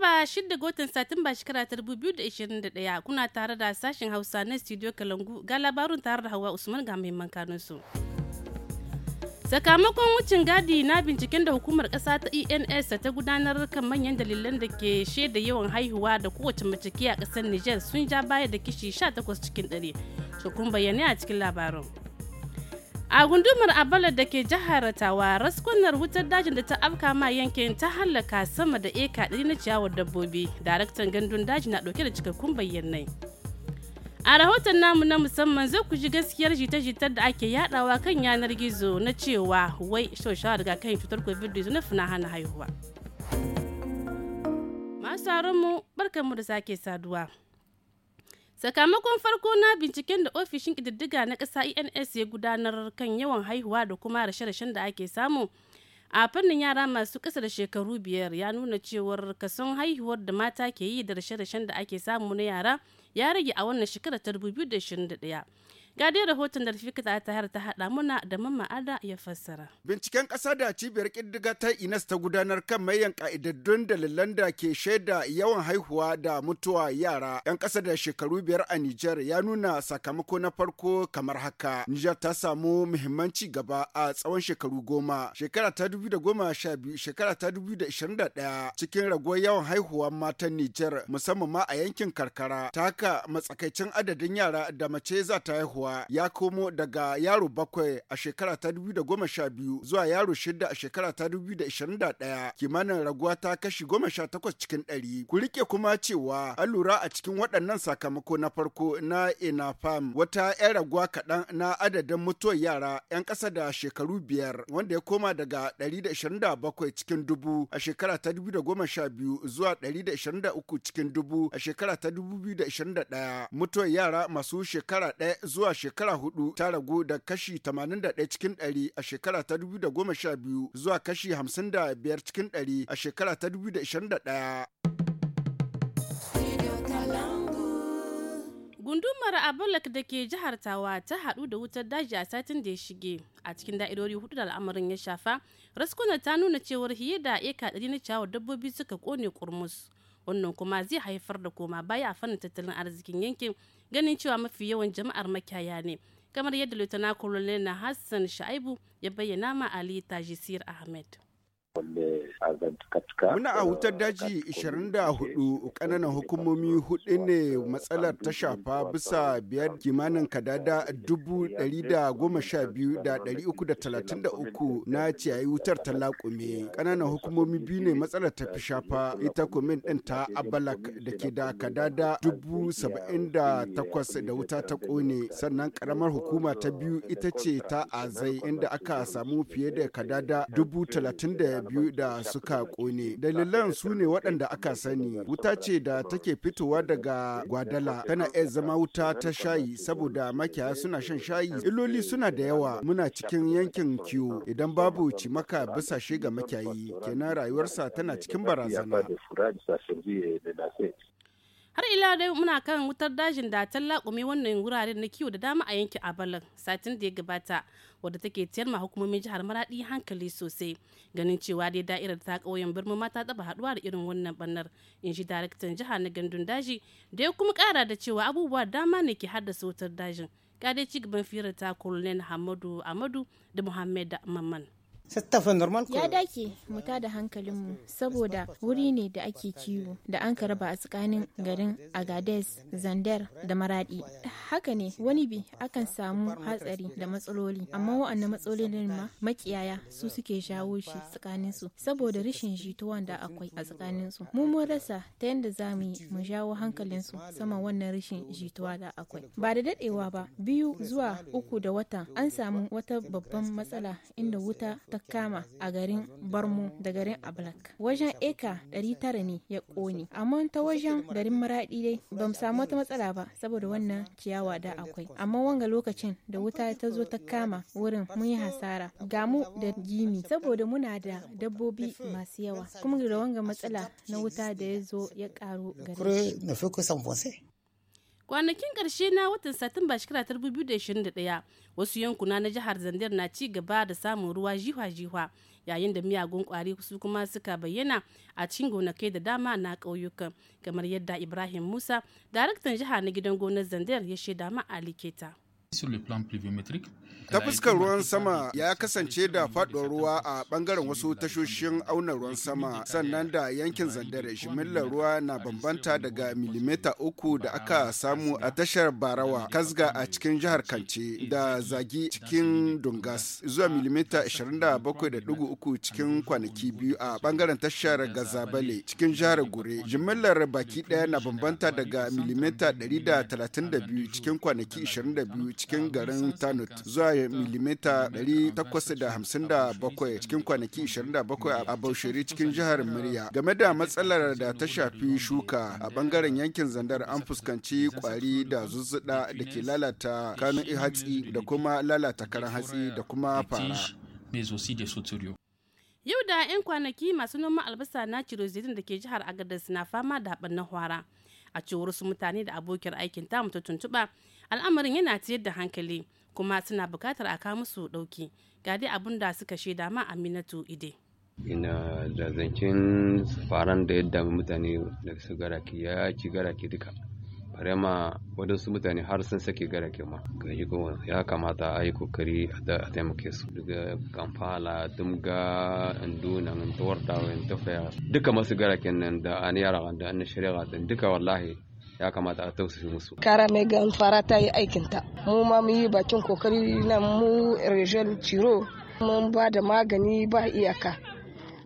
Laraba 6 gotan Satumba shekara ta 2021 kuna tare da sashen Hausa na Studio Kalangu ga labarun tare da Hawa Usman ga muhimman kanunsu. Sakamakon wucin gadi na binciken da hukumar kasa ta ENS ta gudanar kan manyan dalilan da ke shaida yawan haihuwa da kowace mace ke a kasar niger sun ja baya da kishi 18 cikin 100. Shukun bayanai a cikin labarin. a gundumar abalar da ke jihar tawa raskunar wutar dajin da ta afka ma yankin ta hallaka sama da eka ɗari na ciyawar dabbobi daraktan gandun daji na ɗauke da cikakkun bayyanai a rahoton namu na musamman zai ku ji gaskiyar jita-jitar da ake yadawa kan yanar gizo na cewa wai shaushawa daga kan cutar covid-19 na hana haihuwa masu mu barkanmu da sake saduwa Sakamakon farko na binciken da ofishin ƙididdiga na ƙasa ENS ya gudanar kan yawan haihuwa da kuma rashe-rashen da ake samu a fannin yara masu ƙasa da shekaru biyar ya nuna cewar kason haihuwar da mata ke yi da rashe-rashen da ake samu na yara ya rage a wannan shekarar ta 2021 Ga dai rahoton da Rafika Tahir ta hada, muna da ada ya fassara. Binciken ƙasa da cibiyar ƙiddiga ta Inas ta gudanar kan mayan ƙa'idaddun dalilan da ke shaida yawan haihuwa da mutuwa yara 'yan ƙasa da shekaru biyar a Nijar ya nuna sakamako na farko kamar haka. Nijar ta samu muhimman ci gaba a tsawon shekaru goma. Shekara ta dubu da goma sha biyu shekara ta dubu da ishirin da ɗaya cikin raguwar yawan haihuwar matan Nijar musamman ma a yankin karkara. Ta haka matsakaicin adadin yara da mace za ta haihuwa cewa ya komo daga yaro bakwai a shekara ta biyu zuwa yaro shida a shekara ta ɗaya kimanin raguwa ta kashi goma sha takwas cikin ɗari. Ku rike kuma cewa an lura a cikin waɗannan sakamako na farko na Enafam wata 'yan raguwa kaɗan na adadin mutuwar yara 'yan ƙasa da shekaru biyar wanda ya koma daga 127 cikin dubu a shekara ta 2012 zuwa 123 cikin dubu a shekara ta 2021 mutuwar yara masu shekara ɗaya zuwa shekara hudu ta ragu da kashi 81 cikin 100 a shekara ta 2012 zuwa kashi 55 cikin 100 a shekara ta 2021. Gundumar Abulak da ke jihar Tawa ta hadu da wutar daji a satin da ya shige a cikin da'irori hudu da al'amarin ya shafa, raskuna ta nuna cewar hiye da eka ɗari na ciyawar dabbobi suka kone kurmus. Wannan kuma zai haifar da koma baya a fannin tattalin arzikin yankin ganin cewa mafi yawan jama'ar makiyaya ne kamar yadda lieutenant colonel na hassan sha'ibu ya bayyana ma ali tajisir ahmed Muna a wutar daji 24 kananan hukumomi hudu ne matsalar ta shafa bisa biyar kimanin kadada 112,333 na ciyayi wutar ta laƙume. Kananan hukumomi biyu ne matsalar ta fi shafa ita kumin ɗin ta abalak da ke da kadada 78,000 da wuta ta ƙone sannan ƙaramar hukuma ta biyu ita ce ta azai inda aka samu fiye da kadada 35,000 biyu da suka kone. Dalilan su ne waɗanda aka sani. Wuta ce da take fitowa daga Gwadala tana iya zama wuta ta shayi saboda makiyaya suna shan shayi. Illoli suna da yawa muna cikin yankin kiwo idan babu cimaka bisa ga makiyayi kenan rayuwarsa tana cikin barazana. har ila dai muna kan wutar dajin da ta laƙumi wannan wuraren na kiwo da dama a yankin abalan satin da ya gabata wadda take tiyar ma hukumomin jihar maradi hankali sosai ganin cewa dai da'irar ta ƙauyen birnin ma ta taba haɗuwa da irin wannan bannar in ji daraktan jiha na gandun daji da ya kuma kara da cewa abubuwa dama ne ke haddasa wutar dajin ga dai gaban firar ta kolonel hamadu amadu da muhammed mamman Ya dake mu da hankalinmu saboda wuri ne da ake kiwo da an raba a tsakanin garin Agades, Zander da Maradi. Haka ne wani bi akan samu hatsari da matsaloli amma wa'annan matsalolin ma makiyaya su suke shawo shi tsakanin su saboda rashin jituwan da akwai a tsakanin su. Mu mun rasa ta yadda za mu yi mu jawo hankalin su sama wannan rashin jituwa da akwai. Ba da dadewa ba biyu zuwa uku da wata an samu wata babban matsala inda wuta ta suka kama a garin Barmo da garin Ablak. Wajen eka 900 ne ya ƙone, amma ta wajen garin Maraɗi dai ba mu samu wata matsala ba saboda wannan ciyawa da akwai. Amma wanga lokacin da wuta ta zo ta kama wurin mun yi hasara. Ga mu da jimi saboda muna da dabbobi masu yawa. Kuma da wanga matsala na wuta da ya zo ya karo garin kwanakin ƙarshe na watan satumba shekara 2021 wasu yankuna na jihar zandar na ci gaba da samun ruwa jiwa-jiwa yayin da miyagun kwari su kuma suka bayyana a cikin gonakai da dama na ƙauyukan kamar yadda ibrahim musa daraktan jiha na gidan gonar zandar ya shaida ma aliketa. Ta ruwan sama ya kasance da faɗuwar ruwa a ɓangaren wasu tashoshin auna ruwan sama sannan da yankin zandare shimillar ruwa na bambanta daga milimeta uku da aka samu a tashar barawa kasga a cikin jihar kanci da zagi cikin dungas zuwa milimeta 27.3 cikin kwanaki biyu a ɓangaren tashar gazabale cikin jihar gure jimillar baki ɗaya na bambanta daga milimeta 132 cikin kwanaki 22 cikin ah, garin Tanut zuwa milimita 857 cikin kwanaki 27 a Baushiri cikin jihar Murya. Game da matsalar da ta shafi shuka a bangaren yankin Zandar an fuskanci kwari da zuzzuda da ke lalata kanun hatsi da kuma lalata karan hatsi da kuma fara. Yau da 'yan kwanaki masu noman albasa na Ciro da ke jihar Agadez na fama da haɓar na hwara. a cewar wasu mutane da abokiyar aikin ta mutu tuntuɓa al'amarin yana ciyar da hankali kuma suna bukatar a kawo musu ɗauki ga dai abin da suka shaida ma aminatu ide. ina da faran da yadda mutane da su garaki ya ci garaki duka bare ma waɗansu mutane har sun sake gara ma gaji kuma ya kamata a yi kokari a taimake su daga kamfala dumga induna tawarda Tafiya. duka masu gara nan da an yara da an shirya din duka wallahi ya kamata a tausaya musu. Kara mai gan fara ta yi aikinta. Mu ma mu yi bakin kokari na mu Rejel Ciro mun ba da magani ba iyaka.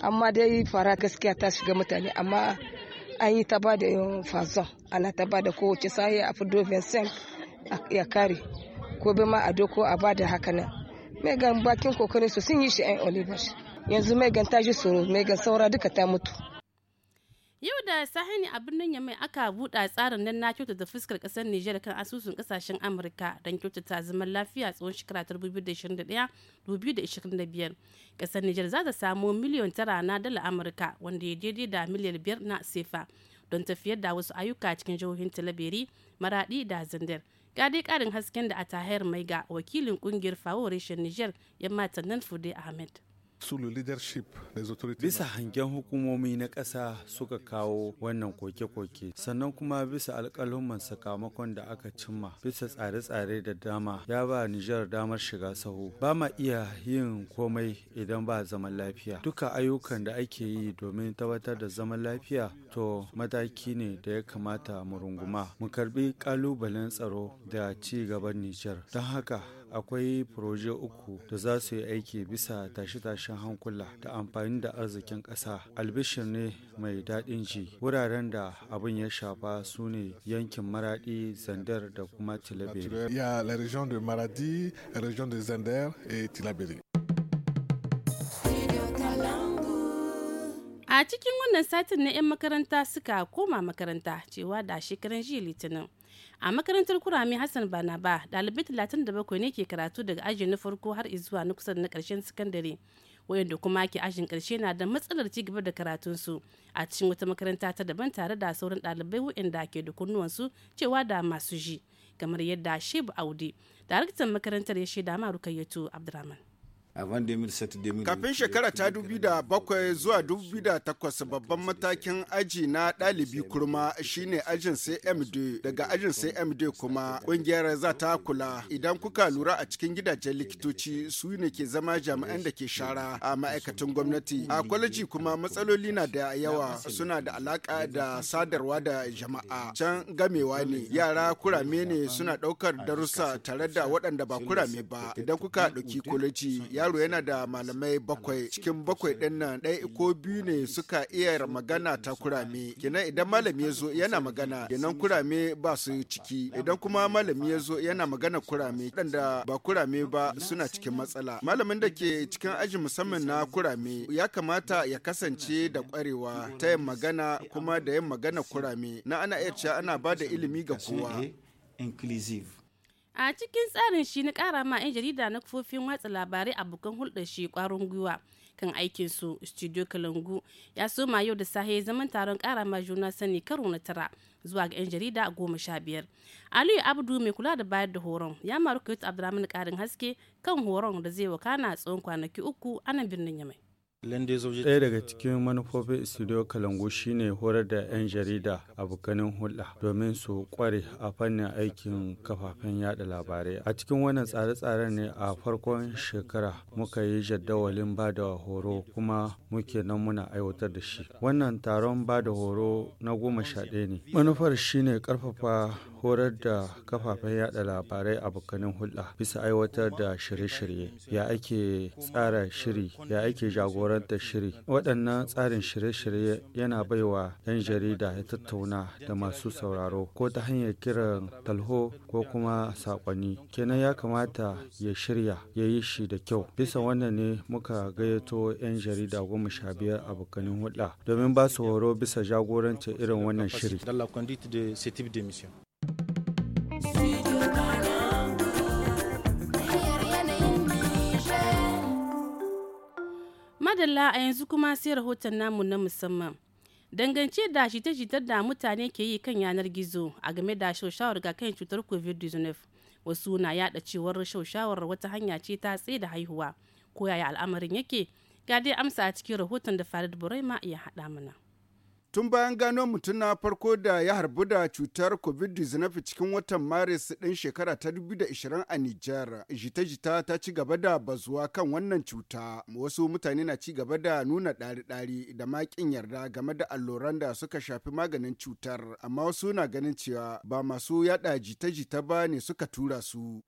Amma dai fara gaskiya ta shiga mutane amma an yi ta ba da fason ana ta ba da kowace sahi a fido vincent ya kare ko ma a doko a ba da haka nan megan bakin kokarin su sun yi shi yan olivers yanzu megan ta ji tsoro megan saura duka ta mutu Yau da sahani a birnin Yamai aka buɗa tsarin nan na kyautata fuskar ƙasar Nijar kan asusun ƙasashen Amurka don kyautata zaman lafiya tsawon shekara 2021-2025. Ƙasar Nijar za ta samu miliyon tara na dala Amurka wanda ya daidai da miliyan biyar na sefa don tafiyar da wasu ayyuka cikin jihohin Talabiri, Maraɗi da Zandar. Ga dai ƙarin hasken da a tahayar Maiga wakilin ƙungiyar Fawo Reshen Nijar, Yamma Tannan Fude Ahmed. Sulu leadership Bisa hangen hukumomi na ƙasa suka kawo wannan koke-koke, sannan kuma bisa alƙaluman sakamakon da aka cimma bisa tsare-tsare da dama ya ba Nijar damar shiga saho. Ba ma iya yin komai idan ba zaman lafiya. Duka ayyukan da ake yi domin tabbatar da zaman lafiya to mataki ne da ya kamata mu runguma. Mu karbi ƙalubalen tsaro da ci gaban Nijar. Don haka akwai proje uku da za su yi aiki bisa tashe-tashen hankula da amfani da arzikin ƙasa. Albishir ne mai daɗin ji. Wuraren da abin ya shafa su ne yankin Maraɗi, Zandar da kuma Tilaberi. a cikin wannan satin na 'yan makaranta suka koma makaranta cewa da shekaran jiya litinin a makarantar kurame hassan banaba ɗalibai 37 ne ke karatu daga aji na farko har zuwa na kusa na karshen sakandare wayanda kuma ke ajin karshe na da matsalar ci gaba da karatunsu a cikin wata makaranta ta daban tare da sauran ɗalibai wayanda ke da kunnuwansu cewa da masu ji kamar yadda shebu audi daraktan makarantar ya shaida ma rukayyatu abdurrahman Kafin shekara ta bakwai zuwa takwas babban matakin aji na ɗalibi kurma shine ajin CMD daga ajin CMD kuma ƙungiyar za ta kula idan kuka lura a cikin gidajen likitoci su ne ke zama jami'an da ke shara a ma'aikatan gwamnati. A kwaleji kuma matsaloli na da yawa suna da alaka da sadarwa da jama'a can gamewa ne yara kurame ne suna ɗaukar darussa tare da waɗanda ba kurame ba idan kuka ɗauki kwaleji ya yaro yana da malamai bakwai cikin bakwai ɗin nan ɗaya ko biyu ne suka iya magana ta kurame kenan idan malami ya zo yana magana kenan kurame ba su ciki idan kuma malami ya zo yana magana kurame waɗanda ba kurame ba suna cikin matsala malamin da ke cikin aji musamman na kurame ya kamata ya kasance da kwarewa ta yin magana kuma da yin magana kurame na ana iya cewa ana ba da ilimi ga kowa inclusive a cikin tsarin shi na kara ma 'yan jarida na kufofin watsa labarai abokan hulɗar shi kwarin gwiwa kan aikin su studio kalangu ya soma yau da sahe zaman taron kara ma juna sani karo na tara zuwa ga 'yan jarida goma sha biyar aliyu abdu mai kula da bayar da horon ya maru ta abdulrahman karin haske kan horon da zai wakana tsawon kwanaki uku a nan birnin yamai Ɗaya daga cikin manufofin studio Kalangu shine horar da 'yan jarida abokanin hulɗa domin su kware a fannin aikin kafafen yada labarai. A cikin wannan tsare-tsaren ne a farkon shekara muka yi jadawalin ba da horo kuma muke nan muna aiwatar da shi. Wannan taron ba da horo na goma sha ɗaya ne. Manufar shine ƙarfafa horar da kafafen yada labarai a abokanin hulɗa bisa aiwatar da shirye-shirye ya ake tsara shiri ya ake jagorantar shiri waɗannan tsarin shirye-shirye yana baiwa 'yan jarida ya tattauna da masu sauraro ko ta hanyar kiran talho ko kuma sakonni kenan ya kamata ya shirya ya yi shi da kyau bisa wannan ne muka gayyato 'yan jarida goma sha biyar abokanin hulɗa domin ba su horo bisa jagorancin irin wannan shiri madalla a yanzu kuma sai rahoton namu na musamman dangance da shita-shitar da mutane ke yi kan yanar gizo a game da shaushawar ga kan cutar covid-19 wasu na yada cewar shaushawar wata hanya ce ta tsaye da haihuwa ko yaya al'amarin yake ga dai amsa a cikin rahoton da farid ma iya hada mana Tun bayan gano mutum na farko da ya harbu da cutar COVID-19 cikin watan Maris ɗin shekara ta 2020 a Nijar, jita-jita ta ci gaba da bazuwa kan wannan cuta. Wasu mutane na ci gaba da nuna ɗari-ɗari da makin yarda game da alluran da suka shafi maganin cutar, amma wasu na ganin cewa ba masu yada jita-jita ba ne suka tura su.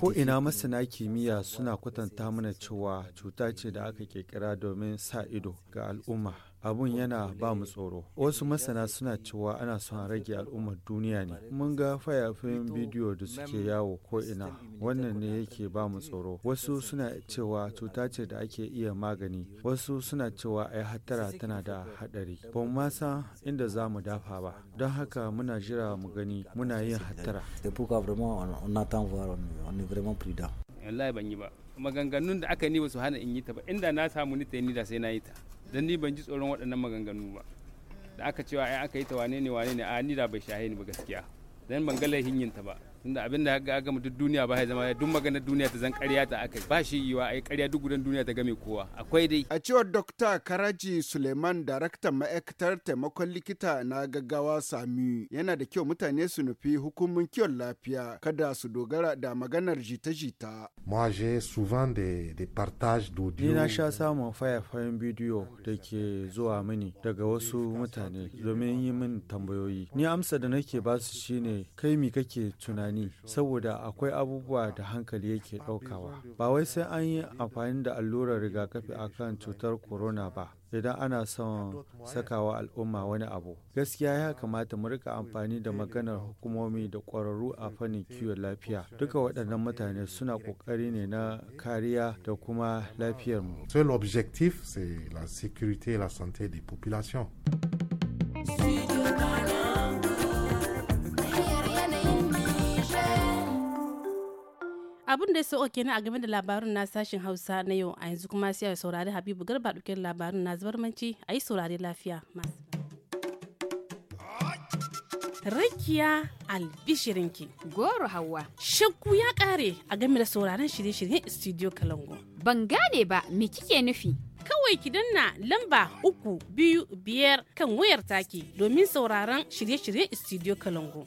Ko ina masana kimiyya suna kwatanta mana cewa cuta ce da aka ƙirƙira domin sa ido ga al'umma. abun yana ba mu tsoro wasu masana suna cewa ana son rage al'ummar duniya ne mun ga fayafin bidiyo da suke yawo ko ina wannan ne yake ba mu tsoro wasu suna cewa cuta ce da ake iya magani wasu suna cewa ai hattara tana da hadari ba ma san inda za mu dafa ba don haka muna jira mu gani muna yin hattara wallahi ban yi ba maganganun da aka ni ba su hana in yi ta ba inda na samu ni ta ni da sai na yi ta danni ni ban ji tsoron waɗannan maganganu ba da aka cewa ai aka yi ta wane ne wane ne a ni da bai shahe ni ba gaskiya dan ban ga laihin yin ta ba tunda abin da ga gama duk duniya ba ya zama duk maganar duniya ta zan ƙarya ta aka ba shi yiwa ai ƙarya duk gudan duniya ta game kowa akwai dai a cewar dr karaji suleiman daraktan ma'aikatar taimakon likita na gaggawa sami yana da kyau mutane su nufi hukumin kiwon lafiya kada su dogara da maganar jita-jita moi j'ai souvent de de partage d'audio ni na sha samun fayafayen bidiyo da ke zuwa mini daga wasu mutane domin yi min tambayoyi ni amsa da nake ba su shine kai mi kake tunani tunani saboda akwai abubuwa da hankali yake ɗaukawa. Ba wai sai an yi amfani da allurar rigakafi a kan cutar corona ba. Idan ana son sakawa al'umma wani abu. Gaskiya ya kamata mu rika amfani da maganar hukumomi da ƙwararru a fannin kiwon lafiya. Duka waɗannan mutane suna ƙoƙari ne na kariya da kuma lafiyarmu. Seul objectif, c'est la sécurité et la santé des populations. abin da ya sauka kenan a game da labarun na sashen hausa na yau a yanzu kuma sai a saurari habibu garba ɗauke da labarun na zubarmanci a yi saurari lafiya masu Rakiya albishirinki. Goro Hauwa. Shakku ya kare a game da sauraron shirye-shiryen Studio Kalango. Ban gane ba me kike nufi? Kawai ki danna lamba uku biyu biyar kan wayar take domin sauraron shirye-shiryen Studio Kalango.